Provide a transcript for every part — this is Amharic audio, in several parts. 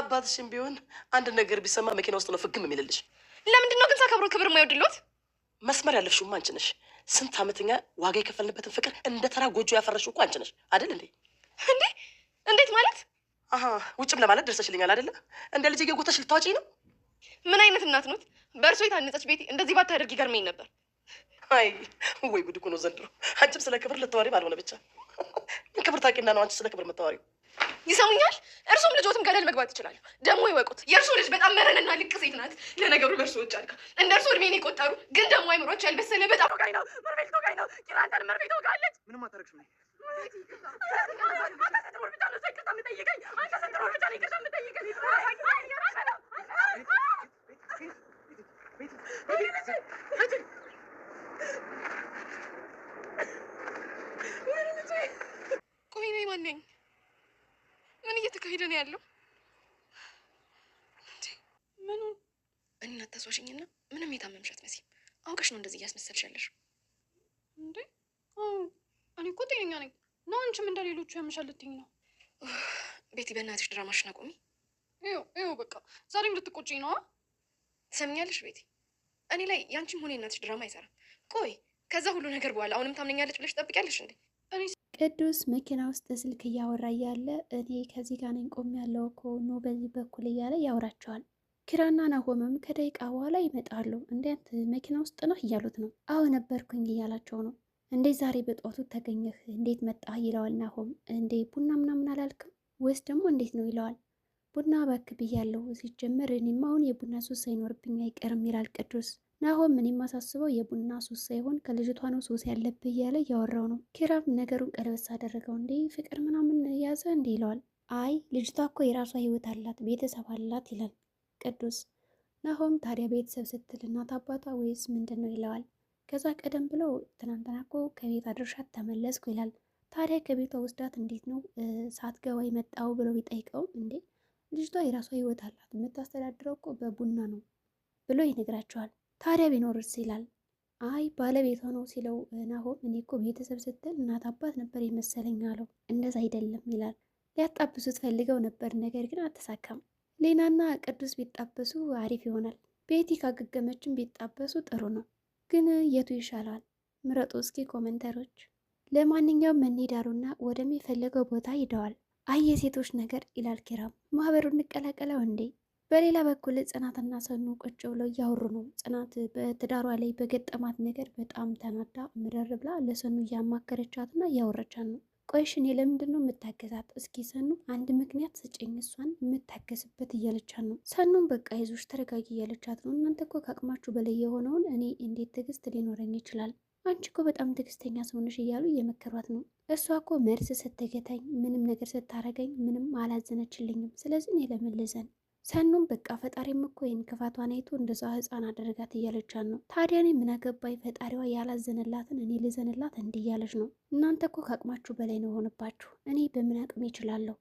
አባትሽም ቢሆን አንድ ነገር ቢሰማ መኪና ውስጥ ነው ፍግም የሚልልሽ። ለምንድን ነው ግን ሳከብሮ ክብር የማይወድልዎት? መስመር ያለፍሽውማ አንቺ ነሽ። ስንት አመትኛ ዋጋ የከፈልንበትን ፍቅር እንደ ተራ ጎጆ ያፈረሽው እኮ አንቺ ነሽ አይደል እንዴ? እንዴ እንዴት ማለት አሀ፣ ውጭም ለማለት ደርሰሽልኛል አይደለ? እንደ ልጅ እየጎተሽ ልታወጪ ነው። ምን አይነት እናት ኖት? በእርሶ የታነጸች ቤቴ እንደዚህ ባታደርግ ይገርመኝ ነበር። አይ ወይ ጉድ እኮ ነው ዘንድሮ። አንቺም ስለ ክብር ልታወሪ ባልሆነ ብቻ ክብር ታውቂና ነው አንቺ ስለ ክብር የምታወሪው? ይሰሙኛል? እርሱም ልጆትም ገደል መግባት ይችላሉ። ደግሞ ይወቁት፣ የእርሱ ልጅ በጣም መረንና ልቅ ሴት ናት። ለነገሩ በእርሱ ውጭ አልካ እንደ እርሱ እድሜን የቆጠሩ ግን ደግሞ አይምሮች ያልበሰለ በጣም ጋይ ነው። ነው። ነው ምርቤት ምርቤት ኪራንተን ቆይ እኔ ማን ነኝ? ምን እየተካሄደ ነው ያለው? ምኑ እናት ተሷሽኝና ምንም የታመምሻት መሲ አውቀሽ ነው እንደዚህ እያስመሰልሻለሽ እንዴ? እኔ እኮ ጤነኛ ነኝ። ነው አንቺም እንደ ሌሎቹ ነው? ቤቲ በእናትሽ ድራማሽን አቁሚ። ይኸው ይኸው በቃ ዛሬም ልትቆጪኝ ነዋ። ትሰምኛለሽ ቤቲ፣ እኔ ላይ ያንቺም ሆነ የእናትሽ ድራማ አይሰራም። ቆይ ከዛ ሁሉ ነገር በኋላ አሁንም ታምነኛለች ብለሽ ትጠብቂያለሽ እንዴ? ቅዱስ መኪና ውስጥ ስልክ እያወራ እያለ እኔ ከዚህ ጋር ነኝ ቆም ያለው እኮ በዚህ በኩል እያለ ያወራቸዋል። ኪራና ናሆምም ከደቂቃ በኋላ ይመጣሉ። እንዴት መኪና ውስጥ ነህ እያሉት ነው። አዎ ነበርኩኝ እያላቸው ነው። እንዴ ዛሬ በጠዋቱ ተገኘህ እንዴት መጣህ ይለዋል ናሆም። እንዴ ቡና ምናምን አላልክም ወይስ ደግሞ እንዴት ነው ይለዋል። ቡና ባክ ብያለሁ ሲጀመር እኔም አሁን የቡና ሱስ አይኖርብኝ አይቀርም ይላል ቅዱስ ናሆም ምን የማሳስበው የቡና ሱስ ሳይሆን ከልጅቷ ነው ሱስ ያለብህ እያለ እያወራው ነው። ኪራም ነገሩን ቀለበስ አደረገው። እንዴ ፍቅር ምናምን ያዘ እንዴ ይለዋል። አይ ልጅቷ እኮ የራሷ ህይወት አላት፣ ቤተሰብ አላት ይላል ቅዱስ። ናሆም ታዲያ ቤተሰብ ስትል እናት አባቷ ወይስ ምንድን ነው ይለዋል። ከዛ ቀደም ብለው ትናንትና እኮ ከቤት አድርሻት ተመለስኩ ይላል። ታዲያ ከቤቷ ውስዳት እንዴት ነው ሳትገባ የመጣው ብሎ ቢጠይቀውም እንዴ ልጅቷ የራሷ ህይወት አላት፣ የምታስተዳድረው እኮ በቡና ነው ብሎ ይነግራቸዋል። ታዲያ ቢኖርስ ይላል። አይ ባለቤቷ ነው ሲለው ናሆም እኔ እኮ ቤተሰብ ስትል እናት አባት ነበር የመሰለኝ አለው። እንደዛ አይደለም ይላል። ሊያጣብሱት ፈልገው ነበር፣ ነገር ግን አልተሳካም። ሌናና ቅዱስ ቢጣበሱ አሪፍ ይሆናል። ቤቲ ካገገመችን ቢጣበሱ ጥሩ ነው። ግን የቱ ይሻላል? ምረጡ እስኪ ኮመንተሮች። ለማንኛውም መኔዳሩና ወደሚፈለገው ቦታ ሂደዋል። አየ ሴቶች ነገር ይላል ኪራም። ማህበሩን እንቀላቀለው እንዴ? በሌላ በኩል ጽናትና ሰኑ ቁጭ ብለው እያወሩ ነው። ጽናት በትዳሯ ላይ በገጠማት ነገር በጣም ተናዳ ምረር ብላ ለሰኑ እያማከረቻትና እያወረቻት ነው። ቆይሽ እኔ ለምንድን ነው የምታገዛት? እስኪ ሰኑ አንድ ምክንያት ስጭኝ እሷን የምታገዝበት እያለቻት ነው። ሰኑም በቃ ይዞሽ ተረጋጊ እያለቻት ነው። እናንተ እኮ ከአቅማችሁ በላይ የሆነውን እኔ እንዴት ትዕግስት ሊኖረኝ ይችላል? አንቺ እኮ በጣም ትዕግስተኛ ሰውነሽ እያሉ እየመከሯት ነው። እሷ እኮ መርስ ስትገታኝ፣ ምንም ነገር ስታረገኝ ምንም አላዘነችልኝም። ስለዚህ እኔ ለመለዘን ሰኑም በቃ ፈጣሪም እኮ ይህን ክፋቷን አይቶ እንደዛ ህፃን አደረጋት እያለቻን ነው። ታዲያ እኔ ምን አገባኝ? ፈጣሪዋ ያላዘንላትን እኔ ልዘንላት እንዲህ እያለች ነው። እናንተ እኮ ከአቅማችሁ በላይ ነው ሆነባችሁ። እኔ በምን አቅሜ እችላለሁ?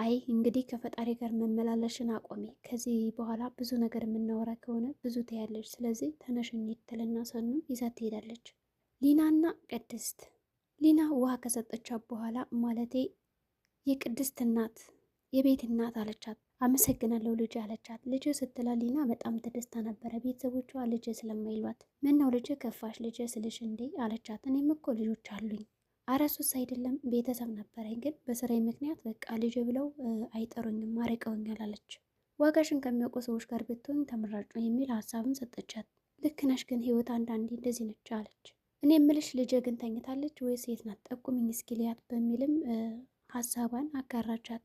አይ እንግዲህ ከፈጣሪ ጋር መመላለሽን አቆሜ። ከዚህ በኋላ ብዙ ነገር የምናወራ ከሆነ ብዙ ትያለች። ስለዚህ ተነሽ እንሂድ ትልና ሰኑም ይዛት ትሄዳለች። ሊናና ቅድስት ሊና ውሃ ከሰጠቻት በኋላ ማለቴ የቅድስት እናት የቤት እናት አለቻት አመሰግናለሁ ልጅ አለቻት። ልጅ ስትላ ሊና በጣም ተደስታ ነበረ። ቤተሰቦቿ ልጅ ስለማይሏት ምን ነው ልጅ ከፋሽ ልጅ ስልሽ እንዴ አለቻት። እኔም እኮ ልጆች አሉኝ። አረሱስ አይደለም ቤተሰብ ነበረኝ፣ ግን በስራዬ ምክንያት በቃ ልጅ ብለው አይጠሩኝም፣ አርቀውኛል አለች። ዋጋሽን ከሚያውቁ ሰዎች ጋር ብትሆኝ ተመራጭ የሚል ሀሳብም ሰጠቻት። ልክ ነሽ፣ ግን ህይወት አንዳንዴ እንደዚህ ነች አለች። እኔ ምልሽ ልጅ ግን ተኝታለች ወይስ የት ናት? ጠቁሚኝ እስኪ በሚልም ሀሳቧን አጋራቻት።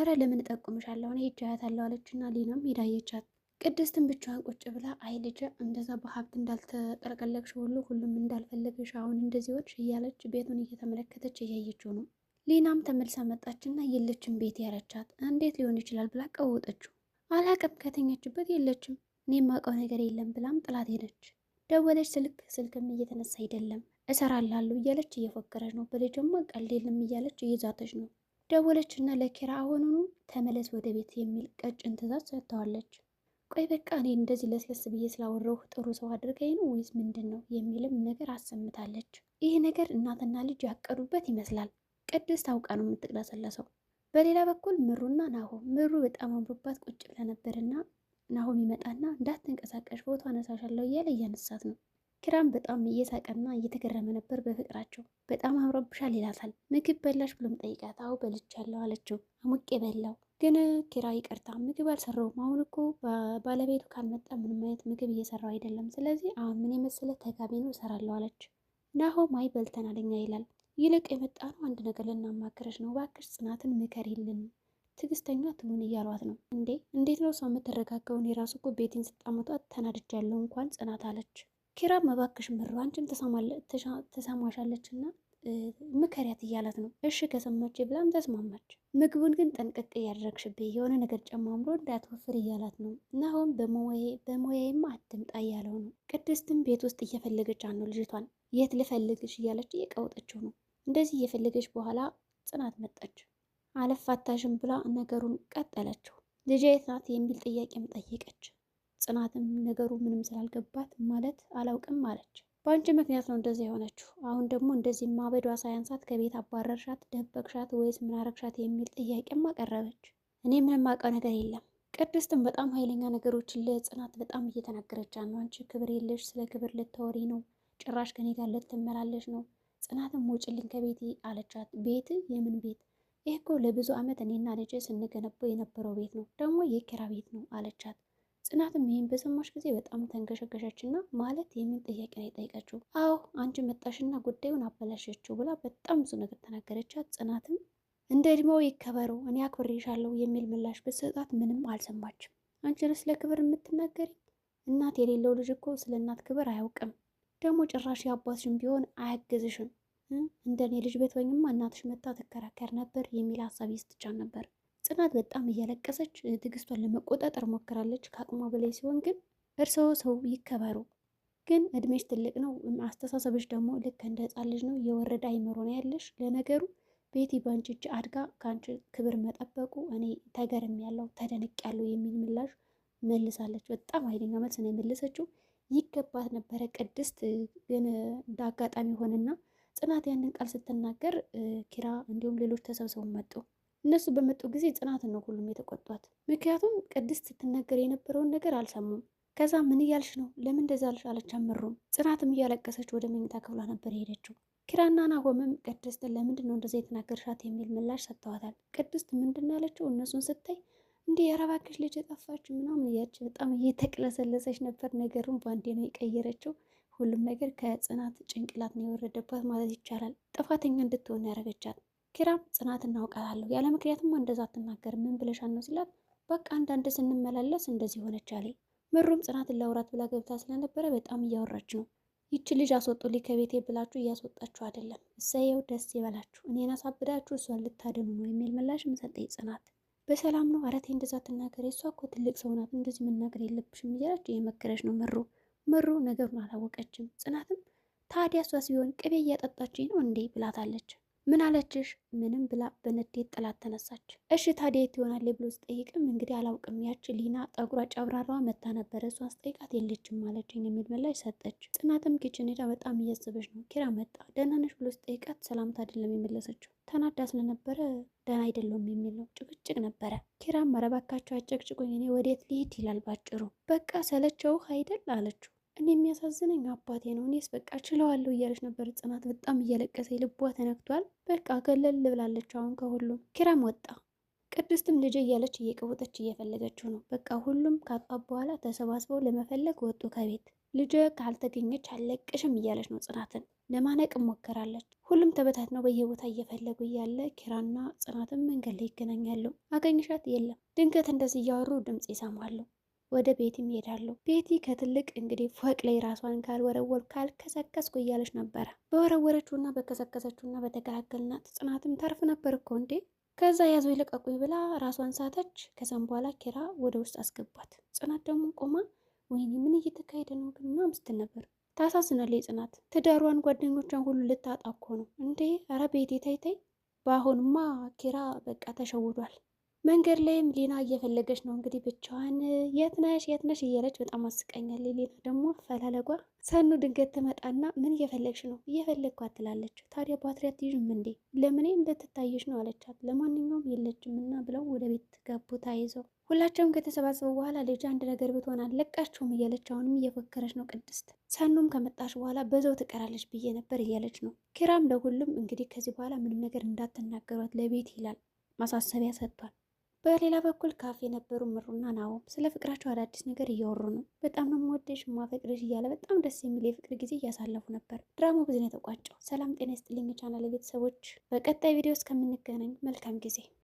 አረ ለምን እጠቁምሻለሁ እኔ ሄጄ አያታለሁ አለችና ሊናም ሄዳ አየቻት። ቅድስትን ብቻዋን ቁጭ ብላ አይ ልጅ እንደዛ በሀብት እንዳልተጠረቀለቅሽ ሁሉ ሁሉም እንዳልፈለገሽ አሁን እንደዚህ ሆንሽ እያለች ቤቱን እየተመለከተች እያየችው ነው። ሊናም ተመልሳ መጣችና የለችም ቤት ያለቻት እንዴት ሊሆን ይችላል ብላ ቀወጠችው። አላቅም ከተኛችበት የለችም እኔ የማውቀው ነገር የለም ብላም ጥላት ሄደች። ደወለች ስልክ ስልክም እየተነሳ አይደለም እሰራላለሁ እያለች እየፎከረች ነው። በልጅማ ቀልድ የለም እያለች እየዛተች ነው። ደወለች እና ለኪራ አሁኑኑ ተመለስ ወደ ቤት የሚል ቀጭን ትዛዝ ሰጥተዋለች። ቆይ በቃ እኔ እንደዚህ ለስለስ ብዬ ስላወራሁ ጥሩ ሰው አድርገኝ ነው ወይስ ምንድን ነው የሚልም ነገር አሰምታለች። ይህ ነገር እናትና ልጅ ያቀዱበት ይመስላል። ቅድስት ታውቃ ነው የምትቅለሰለሰው። በሌላ በኩል ምሩና ናሆም ምሩ በጣም አምሮባት ቁጭ ብላ ነበርና ናሆም ይመጣና እንዳትንቀሳቀሽ ፎቶ አነሳሻለሁ እያለ እያነሳት ነው። ኪራም በጣም እየሳቀና እየተገረመ ነበር በፍቅራቸው። በጣም አምሮብሻል ይላታል። ምግብ በላሽ ብሎም ጠይቃት፣ አዎ በልቻለሁ አለችው። አሙቄ በላው ግን ኪራ ይቅርታ ምግብ አልሰራውም። አሁን እኮ ባለቤቱ ካልመጣ ምንም አይነት ምግብ እየሰራው አይደለም። ስለዚህ አሁን ምን የመሰለ ተጋቢ ነው እሰራለሁ አለች። ናሆም አይ በልተናል እኛ ይላል። ይልቅ የመጣ ነው አንድ ነገር ልናማክረሽ ነው። እባክሽ ጽናትን ምከሪልን፣ ትዕግስተኛ ትሁን እያሏት ነው። እንዴ እንዴት ነው ሰው የምትረጋገውን? የራሱ እኮ ቤቴን ስጣመቷ ተናድጃለሁ እንኳን ጽናት አለች። ኪራ መባክሽ ምሩ አንቺም ተሰማሻለች እና ምከሪያት እያላት ነው። እሺ ከሰማች ብላም ተስማማች። ምግቡን ግን ጠንቀቅ እያደረግሽብ የሆነ ነገር ጨማምሮ እንዳትወፍር እያላት ነው። ናሆም በሞያዬም አትምጣ እያለው ነው። ቅድስትም ቤት ውስጥ እየፈለገች ነው። ልጅቷን የት ልፈልግሽ እያለች እየቀወጠችው ነው። እንደዚህ እየፈለገች በኋላ ጽናት መጣች። አለፋታሽም ብላ ነገሩን ቀጠለችው። ልጄ የት ናት የሚል ጥያቄም ጠየቀች። ጽናትም ነገሩ ምንም ስላልገባት ማለት አላውቅም አለች። በአንቺ ምክንያት ነው እንደዚህ የሆነችው። አሁን ደግሞ እንደዚህ ማበዷ ሳያንሳት ከቤት አባረርሻት፣ ደበቅሻት ወይስ ምናረግሻት የሚል ጥያቄም አቀረበች። እኔ ምንም አውቀው ነገር የለም። ቅድስትም በጣም ኃይለኛ ነገሮችን ለጽናት በጣም እየተናገረች ነው። አንቺ ክብር የለሽ፣ ስለ ክብር ልታወሪ ነው፣ ጭራሽ ከኔ ጋር ልትመላለሽ ነው። ጽናትም ውጭልኝ ከቤት አለቻት። ቤት የምን ቤት? ይህ እኮ ለብዙ ዓመት እኔና ልጄ ስንገነባው የነበረው ቤት ነው፣ ደግሞ የኪራ ቤት ነው አለቻት። ጽናትም ይህን በሰማች ጊዜ በጣም ተንገሸገሸች እና ማለት የምን ጥያቄ ነው የጠየቀችው? አዎ አንቺ መጣሽና ጉዳዩን አበላሸችው ብላ በጣም ብዙ ነገር ተናገረቻት። ጽናትም እንደ እድሜው ይከበሩ እኔ አክብሬሻለሁ የሚል ምላሽ ብትሰጣት ምንም አልሰማችም። አንቺ ነው ስለ ክብር የምትናገሪ? እናት የሌለው ልጅ እኮ ስለ እናት ክብር አያውቅም። ደግሞ ጭራሽ የአባትሽም ቢሆን አያግዝሽም። እንደ እኔ ልጅ ቤት ወይም እናትሽ መታ ትከራከር ነበር የሚል ሀሳብ ይስጥቻት ነበር። ጽናት በጣም እያለቀሰች ትዕግስቷን ለመቆጣጠር ሞክራለች። ከአቅሟ በላይ ሲሆን ግን እርስዎ ሰው ይከበሩ፣ ግን እድሜሽ ትልቅ ነው፣ አስተሳሰብሽ ደግሞ ልክ እንደ ህፃን ልጅ ነው። የወረደ አይምሮ ነው ያለሽ። ለነገሩ ቤቲ በአንቺ እጅ አድጋ ከአንቺ ክብር መጠበቁ እኔ ተገርም ያለው ተደንቅ ያለው የሚል ምላሽ መልሳለች። በጣም ኃይለኛ መልስ ነው የመለሰችው። ይገባት ነበረ ቅድስት። ግን እንደ አጋጣሚ ሆነና ጽናት ያንን ቃል ስትናገር ኪራ እንዲሁም ሌሎች ተሰብስበው መጡ። እነሱ በመጡ ጊዜ ጽናት ነው ሁሉም የተቆጧት። ምክንያቱም ቅድስት ስትናገር የነበረውን ነገር አልሰሙም። ከዛ ምን እያልሽ ነው? ለምን እንደዛ አልሽ? አለች ጽናትም እያለቀሰች ወደ መኝታ ክፍሏ ነበር የሄደችው። ኪራና ናሆምም ቅድስትን ለምንድን ነው እንደዛ የተናገርሻት የሚል ምላሽ ሰጥተዋታል። ቅድስት ምንድን ነው ያለችው? እነሱን ስታይ እንዲህ የረባክሽ ልጅ የጠፋች ምናምን እያች በጣም እየተቅለሰለሰች ነበር። ነገሩን በአንዴ ነው የቀየረችው። ሁሉም ነገር ከጽናት ጭንቅላት ነው የወረደባት ማለት ይቻላል። ጥፋተኛ እንድትሆን ያደረገቻት ኪራም ጽናት እናውቃታለሁ ያለ ምክንያትም እንደዛ አትናገር፣ ምን ብለሻል ነው ሲላት፣ በቃ አንዳንድ ስንመላለስ እንደዚህ ሆነች አለ። ምሩም ጽናትን ለውራት ብላ ገብታ ስለነበረ በጣም እያወራች ነው። ይቺ ልጅ አስወጡልኝ ከቤቴ ብላችሁ እያስወጣችሁ አይደለም፣ እሰየው ደስ ይበላችሁ፣ እኔን አሳብዳችሁ እሷን ልታደኑ ነው የሚል ምላሽ ምሰጠኝ ጽናት። በሰላም ነው አረት እንደዛ አትናገሪ፣ እሷ እኮ ትልቅ ሰው ናት፣ እንደዚህ መናገር የለብሽም እያለች እየመከረች ነው ምሩ። ምሩ ነገሩን አላወቀችም። ጽናትም ታዲያ እሷ ሲሆን ቅቤ እያጠጣችኝ ነው እንዴ ብላታለች። ምን አለችሽ? ምንም ብላ በንዴት ጥላት ተነሳች። እሺ ታዲያ የት ይሆናል ብሎ ስጠይቅም እንግዲህ አላውቅም፣ ያች ሊና ጠጉሯ ጨብራራዋ መታ ነበረ፣ እሷ አስጠይቃት የለችም ማለችኝ የሚል ምላሽ ሰጠች። ጽናትም ኪችን ሄዳ በጣም እያዘበች ነው። ኪራ መጣ። ደህና ነሽ ብሎ ስጠይቃት ሰላምታ አይደለም የመለሰችው፣ ተናዳ ስለነበረ ደህና አይደለም የሚል ነው። ጭቅጭቅ ነበረ። ኪራም መረባካቸው እባካችሁ እኔ ወዴት ልሂድ ይላል ባጭሩ። በቃ ሰለቸው አይደል አለችው። እኔ የሚያሳዝነኝ አባቴ ነው፣ እኔስ በቃ ችለዋለሁ እያለች ነበር ጽናት። በጣም እያለቀሰ ልቧ ተነክቷል። በቃ ገለል ብላለች አሁን ከሁሉም። ኪራም ወጣ። ቅድስትም ልጅ እያለች እየቀወጠች እየፈለገችው ነው። በቃ ሁሉም ካጧት በኋላ ተሰባስበው ለመፈለግ ወጡ ከቤት። ልጅ ካልተገኘች አለቅሽም እያለች ነው ጽናትን ለማነቅ ሞከራለች። ሁሉም ተበታትነው በየቦታ እየፈለጉ እያለ ኪራና ጽናትን መንገድ ላይ ይገናኛሉ። አገኝሻት? የለም። ድንገት እንደዚህ እያወሩ ድምፅ ይሰማሉ። ወደ ቤት ይሄዳሉ። ቤቲ ከትልቅ እንግዲህ ፎቅ ላይ ራሷን ካልወረወር ካልከሰከስኩ እያለች ነበረ። በወረወረችውና በከሰከሰችውና በተከላከልናት ጽናትም ተርፍ ነበር እኮ እንዴ። ከዛ ያዙ ይለቀቁኝ ብላ ራሷን ሳተች። ከዛም በኋላ ኪራ ወደ ውስጥ አስገቧት። ጽናት ደግሞ ቆማ ወይኔ ምን እየተካሄደ ነው ግን ምናምን ስትል ነበር። ታሳዝናለች ጽናት። ትዳሯን ጓደኞቿን ሁሉ ልታጣ እኮ ነው እንዴ። ኧረ ቤቴ ተይ በአሁንማ ኪራ በቃ ተሸውዷል። መንገድ ላይም ሊና እየፈለገች ነው እንግዲህ ብቻዋን የት ነሽ የት ነሽ እያለች በጣም አስቀኛል። ሊና ደግሞ ፈላለጓ ሰኑ ድንገት ትመጣና ምን እየፈለግሽ ነው? እየፈለግኩ ትላለች። ታዲያ ባትሪ አትይዥም እንዴ? ለምኔ እንደትታየሽ ነው አለቻት። ለማንኛውም የለችም እና ብለው ወደ ቤት ገቡ ተያይዘው ሁላቸውም ከተሰባሰቡ በኋላ ልጅ አንድ ነገር ብትሆን አለቃቸውም እያለች አሁንም እየፎከረች ነው ቅድስት። ሰኑም ከመጣች በኋላ በዘው ትቀራለች ብዬ ነበር እያለች ነው። ኪራም ለሁሉም እንግዲህ ከዚህ በኋላ ምንም ነገር እንዳትናገሯት ለቤት ይላል ማሳሰቢያ ሰጥቷል። በሌላ በኩል ካፌ የነበሩ ምሩና ናሆም ስለ ፍቅራቸው አዳዲስ ነገር እያወሩ ነው። በጣም ነው የምወደሽ ማፈቅደሽ እያለ በጣም ደስ የሚል የፍቅር ጊዜ እያሳለፉ ነበር። ድራማው በዚህ ነው የተቋጨው። ሰላም ጤና ይስጥልኝ ቻናል ቤተሰቦች፣ በቀጣይ ቪዲዮ እስከምንገናኝ መልካም ጊዜ